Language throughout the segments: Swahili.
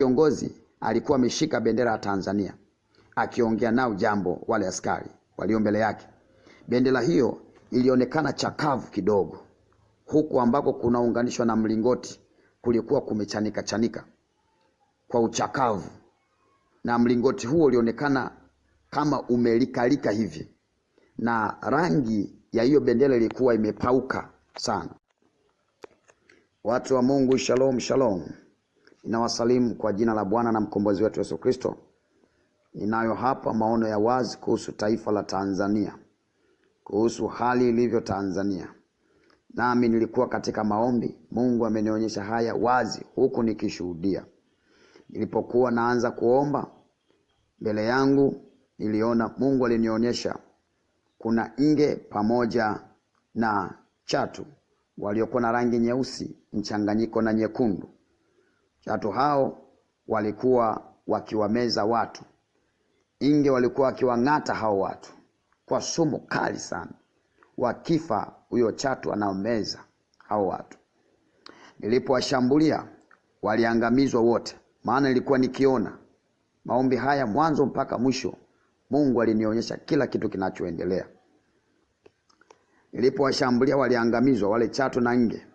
Kiongozi alikuwa ameshika bendera ya Tanzania akiongea nao jambo wale askari walio mbele yake. Bendera hiyo ilionekana chakavu kidogo, huku ambako kunaunganishwa na mlingoti kulikuwa kumechanika chanika kwa uchakavu, na mlingoti huo ulionekana kama umelikalika hivi, na rangi ya hiyo bendera ilikuwa imepauka sana. Watu wa Mungu, shalom shalom. Ninawasalimu kwa jina la Bwana na mkombozi wetu Yesu Kristo. Ninayo hapa maono ya wazi kuhusu taifa la Tanzania, kuhusu hali ilivyo Tanzania. Nami nilikuwa katika maombi, Mungu amenionyesha haya wazi, huku nikishuhudia. Nilipokuwa naanza kuomba, mbele yangu niliona, Mungu alinionyesha kuna nge pamoja na chatu waliokuwa na rangi nyeusi mchanganyiko na nyekundu Tatu hao walikuwa wakiwameza watu, inge walikuwa wakiwang'ata hao watu kwa sumu kali sana, wakifa huyo chatu anaomeza hao watu. Nilipowashambulia waliangamizwa wote, maana nilikuwa nikiona. Maombi haya mwanzo mpaka mwisho, Mungu alinionyesha kila kitu kinachoendelea. Nilipowashambulia waliangamizwa wale chatu na nge,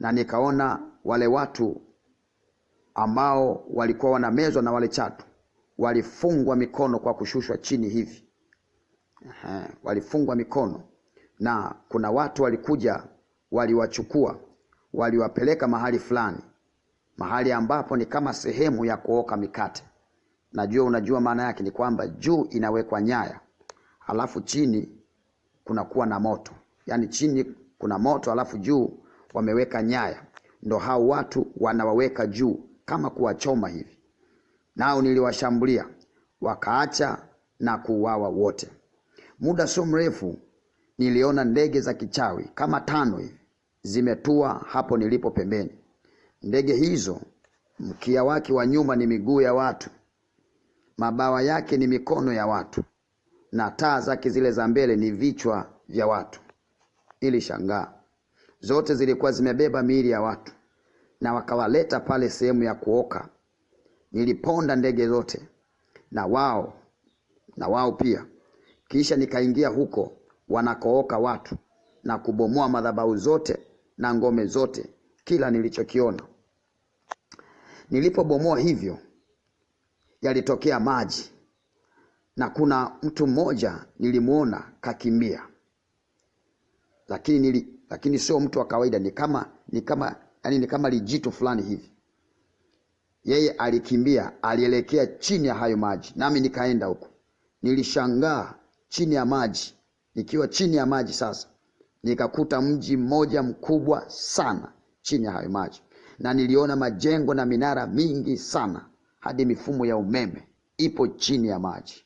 na nikaona wale watu ambao walikuwa wanamezwa na wale chatu walifungwa mikono kwa kushushwa chini hivi. Aha, walifungwa mikono na kuna watu walikuja waliwachukua waliwapeleka mahali fulani, mahali ambapo ni kama sehemu ya kuoka mikate. Najua unajua maana yake ni kwamba juu inawekwa nyaya, alafu chini kunakuwa na moto, yaani chini kuna moto, alafu juu wameweka nyaya, ndo hao watu wanawaweka juu kama kuwachoma hivi, nao niliwashambulia wakaacha na kuuawa wote. Muda sio mrefu niliona ndege za kichawi kama tano hivi zimetua hapo nilipo pembeni. Ndege hizo mkia wake wa nyuma ni miguu ya watu, mabawa yake ni mikono ya watu, na taa zake zile za mbele ni vichwa vya watu. ili shangaa zote zilikuwa zimebeba miili ya watu na wakawaleta pale sehemu ya kuoka. Niliponda ndege zote na wao na wao pia, kisha nikaingia huko wanakooka watu na kubomoa madhabahu zote na ngome zote, kila nilichokiona. Nilipobomoa hivyo, yalitokea maji, na kuna mtu mmoja nilimwona kakimbia, lakini, lakini sio mtu wa kawaida, ni kama ni kama yani ni kama lijito fulani hivi. Yeye alikimbia, alielekea chini ya hayo maji, nami nikaenda huko. Nilishangaa chini ya maji, nikiwa chini ya maji sasa nikakuta mji mmoja mkubwa sana chini ya hayo maji, na niliona majengo na minara mingi sana, hadi mifumo ya umeme ipo chini ya maji.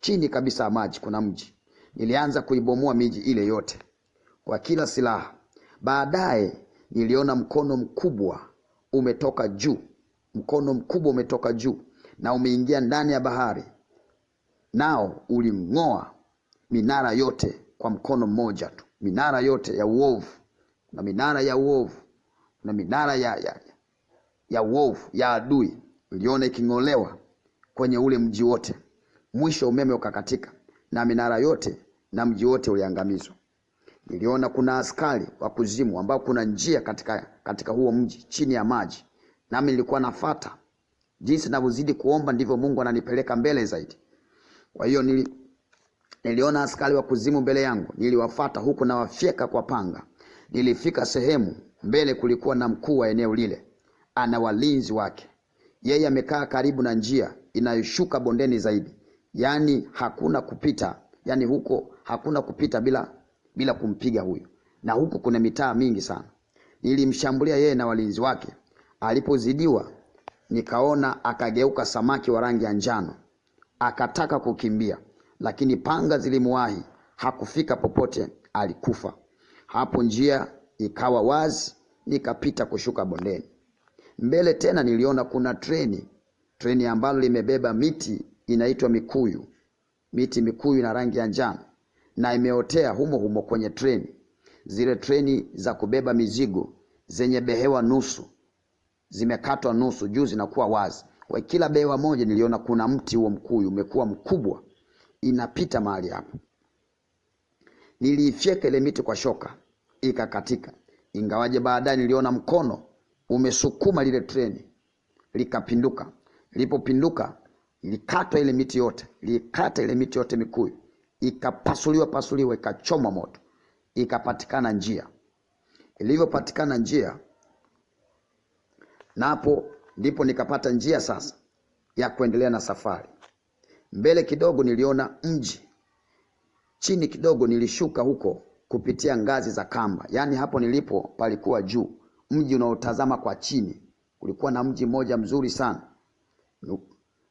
Chini kabisa ya maji kuna mji. Nilianza kuibomoa miji ile yote kwa kila silaha Baadaye niliona mkono mkubwa umetoka juu, mkono mkubwa umetoka juu na umeingia ndani ya bahari, nao uling'oa minara yote kwa mkono mmoja tu, minara yote ya uovu. Kuna minara ya uovu, kuna minara ya, ya, ya uovu ya adui iliona iking'olewa kwenye ule mji wote. Mwisho umeme ukakatika na minara yote na mji wote uliangamizwa niliona kuna askari wa kuzimu ambao kuna njia katika, katika huo mji chini ya maji, nami nilikuwa nafata. Jinsi navyozidi kuomba ndivyo Mungu ananipeleka mbele zaidi. Kwa hiyo nili, niliona askari wa kuzimu mbele yangu, niliwafata huku nawafyeka kwa panga. Nilifika sehemu mbele, kulikuwa na mkuu wa eneo lile, ana walinzi wake. Yeye amekaa karibu na njia inayoshuka bondeni zaidi, yaani hakuna kupita, yaani huko hakuna kupita bila bila kumpiga huyo, na huku kuna mitaa mingi sana. Nilimshambulia yeye na walinzi wake, alipozidiwa nikaona akageuka samaki wa rangi ya njano, akataka kukimbia, lakini panga zilimwahi, hakufika popote, alikufa hapo. Njia ikawa wazi, nikapita kushuka bondeni. Mbele tena niliona kuna treni, treni ambalo limebeba miti inaitwa mikuyu, miti mikuyu na rangi ya njano na imeotea humo humo kwenye treni, zile treni za kubeba mizigo zenye behewa nusu zimekatwa nusu juu zinakuwa wazi. Kwa kila behewa moja niliona kuna mti huo mkuyu umekuwa mkubwa, inapita mahali hapo. Niliifyeka ile miti kwa shoka ikakatika, ingawaje baadaye niliona mkono umesukuma lile treni likapinduka. Lipopinduka likatwa ile miti yote, likata ile miti yote mikuyu ikapasuliwa pasuliwa, ikachomwa moto, ikapatikana njia. Ilivyopatikana njia, napo ndipo nikapata njia sasa ya kuendelea na safari. Mbele kidogo niliona mji, chini kidogo nilishuka huko kupitia ngazi za kamba, yaani hapo nilipo palikuwa juu, mji unaotazama kwa chini. Kulikuwa na mji mmoja mzuri sana,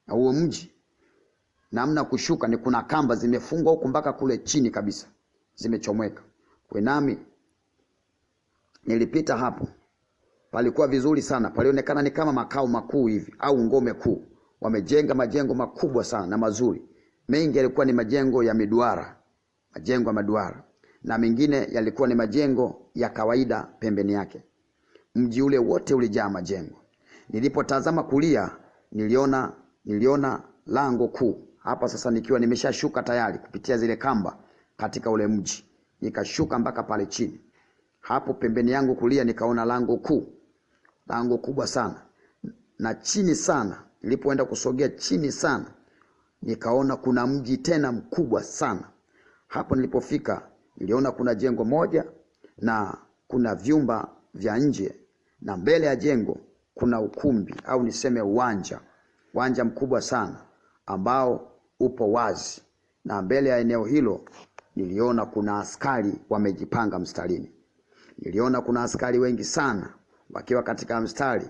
na huo mji namna kushuka, ni kuna kamba zimefungwa huku mpaka kule chini kabisa zimechomweka. We nami nilipita hapo, palikuwa vizuri sana, palionekana ni kama makao makuu hivi au ngome kuu. Wamejenga majengo makubwa sana na mazuri, mengi yalikuwa ni majengo ya miduara, majengo ya maduara, na mengine yalikuwa ni majengo ya kawaida pembeni yake. Mji ule wote ulijaa majengo. Nilipotazama kulia, niliona niliona lango kuu hapa sasa nikiwa nimeshashuka tayari kupitia zile kamba katika ule mji, nikashuka mpaka pale chini. Hapo pembeni yangu kulia, nikaona lango kuu, lango kubwa sana, na chini sana, nilipoenda kusogea chini sana, nikaona kuna mji tena mkubwa sana. Hapo nilipofika, niliona kuna jengo moja na kuna vyumba vya nje, na mbele ya jengo kuna ukumbi au niseme uwanja, uwanja mkubwa sana ambao upo wazi, na mbele ya eneo hilo niliona kuna askari wamejipanga mstarini. Niliona kuna askari wengi sana wakiwa katika mstari,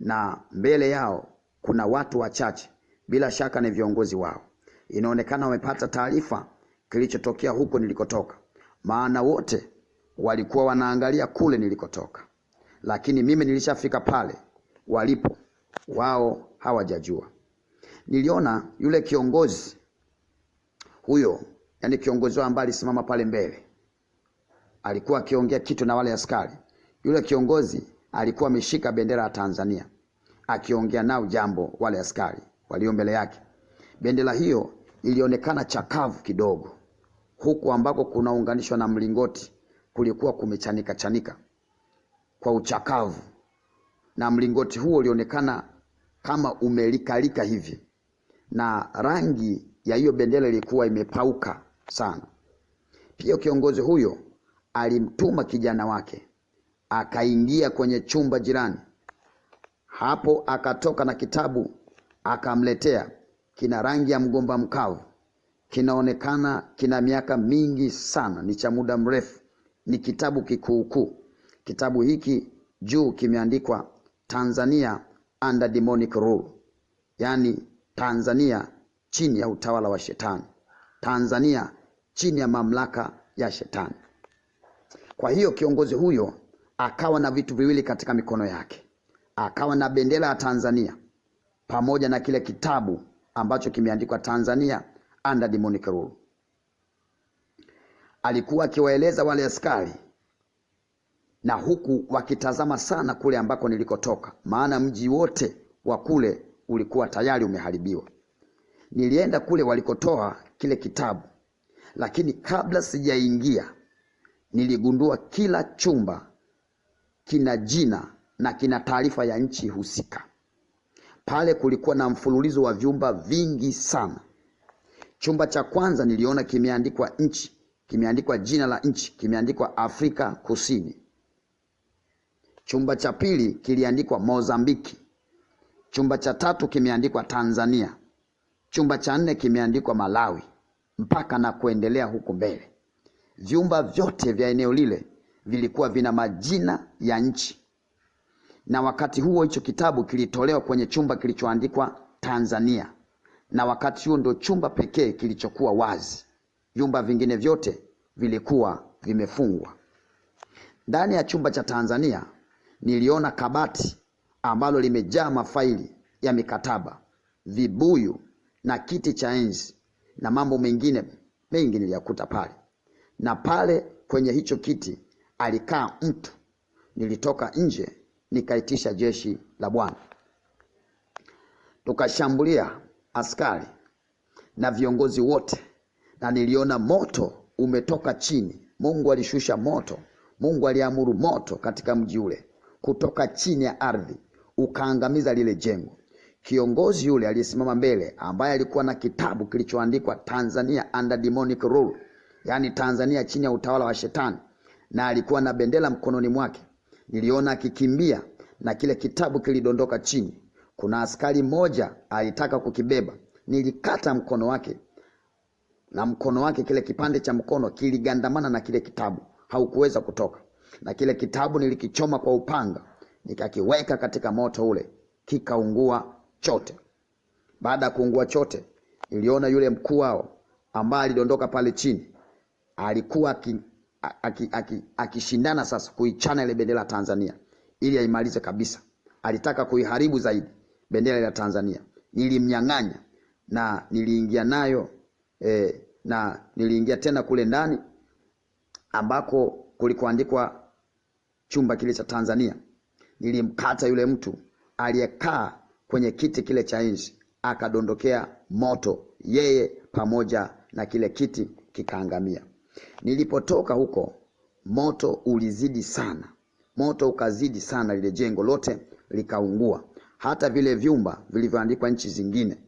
na mbele yao kuna watu wachache, bila shaka ni viongozi wao. Inaonekana wamepata taarifa kilichotokea huko nilikotoka, maana wote walikuwa wanaangalia kule nilikotoka, lakini mimi nilishafika pale walipo, wao hawajajua niliona yule kiongozi huyo, yani kiongozi wao ambaye alisimama pale mbele alikuwa akiongea kitu na wale askari. Yule kiongozi alikuwa ameshika bendera ya Tanzania akiongea nao jambo, wale askari walio mbele yake. Bendera hiyo ilionekana chakavu kidogo, huku ambako kunaunganishwa na mlingoti kulikuwa kumechanika chanika kwa uchakavu, na mlingoti huo ulionekana kama umelikalika hivi na rangi ya hiyo bendera ilikuwa imepauka sana. Pia kiongozi huyo alimtuma kijana wake akaingia kwenye chumba jirani, hapo akatoka na kitabu akamletea, kina rangi ya mgomba mkavu, kinaonekana kina miaka mingi sana, ni cha muda mrefu, ni kitabu kikuukuu. Kitabu hiki juu kimeandikwa Tanzania under demonic rule, yani Tanzania chini ya utawala wa shetani, Tanzania chini ya mamlaka ya shetani. Kwa hiyo kiongozi huyo akawa na vitu viwili katika mikono yake, akawa na bendera ya Tanzania pamoja na kile kitabu ambacho kimeandikwa Tanzania under demonic rule. Alikuwa akiwaeleza wale askari na huku wakitazama sana kule ambako nilikotoka, maana mji wote wa kule ulikuwa tayari umeharibiwa. Nilienda kule walikotoa kile kitabu, lakini kabla sijaingia niligundua kila chumba kina jina na kina taarifa ya nchi husika. Pale kulikuwa na mfululizo wa vyumba vingi sana. Chumba cha kwanza niliona kimeandikwa nchi, kimeandikwa jina la nchi, kimeandikwa Afrika Kusini. Chumba cha pili kiliandikwa Mozambiki. Chumba cha tatu kimeandikwa Tanzania, chumba cha nne kimeandikwa Malawi, mpaka na kuendelea huku mbele. Vyumba vyote vya eneo lile vilikuwa vina majina ya nchi, na wakati huo hicho kitabu kilitolewa kwenye chumba kilichoandikwa Tanzania, na wakati huo ndio chumba pekee kilichokuwa wazi. Vyumba vingine vyote vilikuwa vimefungwa. Ndani ya chumba cha Tanzania niliona kabati ambalo limejaa mafaili ya mikataba, vibuyu na kiti cha enzi na mambo mengine mengi niliyakuta pale. Na pale kwenye hicho kiti alikaa mtu. Nilitoka nje nikaitisha jeshi la Bwana, tukashambulia askari na viongozi wote, na niliona moto umetoka chini. Mungu alishusha moto, Mungu aliamuru moto katika mji ule kutoka chini ya ardhi ukaangamiza lile jengo. Kiongozi yule aliyesimama mbele, ambaye alikuwa na kitabu kilichoandikwa Tanzania under demonic rule, yaani Tanzania chini ya utawala wa Shetani, na alikuwa na bendera mkononi mwake, niliona akikimbia na kile kitabu kilidondoka chini. Kuna askari mmoja alitaka kukibeba, nilikata mkono wake na mkono wake, kile kipande cha mkono kiligandamana na kile kitabu, haukuweza kutoka, na kile kitabu nilikichoma kwa upanga nikakiweka katika moto ule, kikaungua chote. Baada ya kuungua chote, niliona yule mkuu wao ambaye alidondoka pale chini alikuwa akishindana aki, aki, aki sasa kuichana ile bendera ya Tanzania ili aimalize kabisa. Alitaka kuiharibu zaidi bendera ya Tanzania. Nilimnyang'anya na niliingia nayo e, na niliingia tena kule ndani ambako kulikoandikwa chumba kile cha Tanzania nilimkata yule mtu aliyekaa kwenye kiti kile cha nchi, akadondokea moto, yeye pamoja na kile kiti kikaangamia. Nilipotoka huko, moto ulizidi sana, moto ukazidi sana, lile jengo lote likaungua, hata vile vyumba vilivyoandikwa nchi zingine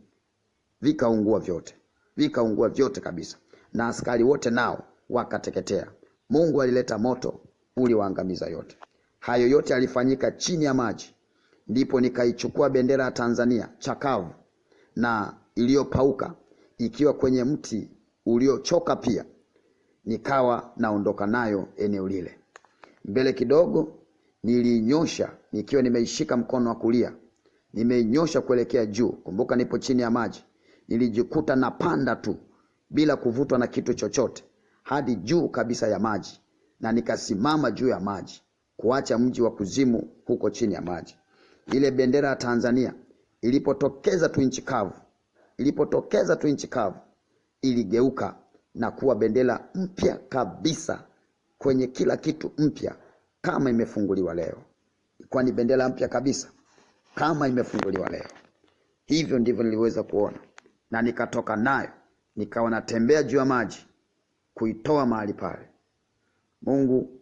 vikaungua vyote, vikaungua vyote kabisa, na askari wote nao wakateketea. Mungu alileta moto uliwaangamiza yote. Hayo yote yalifanyika chini ya maji. Ndipo nikaichukua bendera ya Tanzania chakavu na iliyopauka, ikiwa kwenye mti uliochoka pia, nikawa naondoka nayo eneo lile. Mbele kidogo niliinyosha nikiwa nimeishika mkono wa kulia, nimeinyosha kuelekea juu. Kumbuka nipo chini ya maji. Nilijikuta napanda tu bila kuvutwa na kitu chochote hadi juu kabisa ya maji, na nikasimama juu ya maji kuacha mji wa kuzimu huko chini ya maji. Ile bendera ya Tanzania ilipotokeza tu nchi kavu, ilipotokeza tu nchi kavu, iligeuka na kuwa bendera mpya kabisa, kwenye kila kitu mpya, kama imefunguliwa leo. Ilikuwa ni bendera mpya kabisa, kama imefunguliwa leo. Hivyo ndivyo niliweza kuona, na nikatoka nayo, nikawa natembea juu ya maji, kuitoa mahali pale. Mungu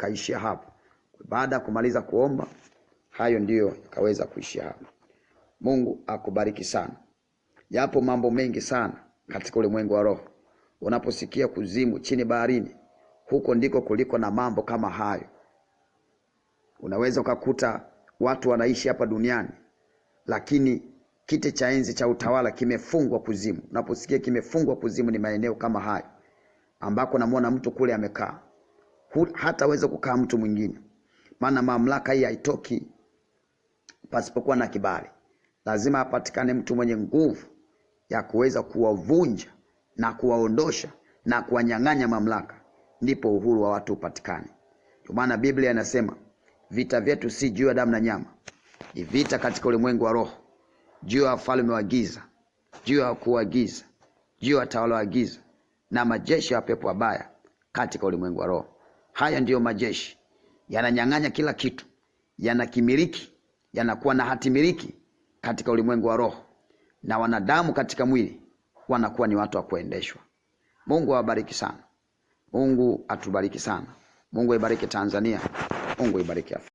ikaishia hapo. Baada ya kumaliza kuomba, hayo ndiyo yakaweza kuishia hapo. Mungu akubariki sana. Yapo mambo mengi sana katika ulimwengu wa roho. Unaposikia kuzimu chini baharini, huko ndiko kuliko na mambo kama hayo. Unaweza ukakuta watu wanaishi hapa duniani, lakini kiti cha enzi cha utawala kimefungwa kuzimu. Unaposikia kimefungwa kuzimu, ni maeneo kama hayo ambako namuona mtu kule amekaa hataweza kukaa mtu mwingine maana mamlaka hii haitoki pasipokuwa na kibali lazima apatikane mtu mwenye nguvu ya kuweza kuwavunja na kuwaondosha na kuwanyang'anya mamlaka ndipo uhuru wa watu upatikane ndio maana biblia inasema vita vyetu si juu ya damu na nyama ni vita katika ulimwengu wa roho juu ya wafalme wa giza juu ya wakuu wa giza juu ya watawala wa giza na majeshi ya pepo wabaya katika ulimwengu wa roho Haya ndiyo majeshi, yananyang'anya kila kitu, yanakimiliki, yanakuwa na hatimiliki katika ulimwengu wa roho, na wanadamu katika mwili wanakuwa ni watu wa kuendeshwa. Mungu awabariki sana. Mungu atubariki sana. Mungu aibariki Tanzania. Mungu ibariki Afrika.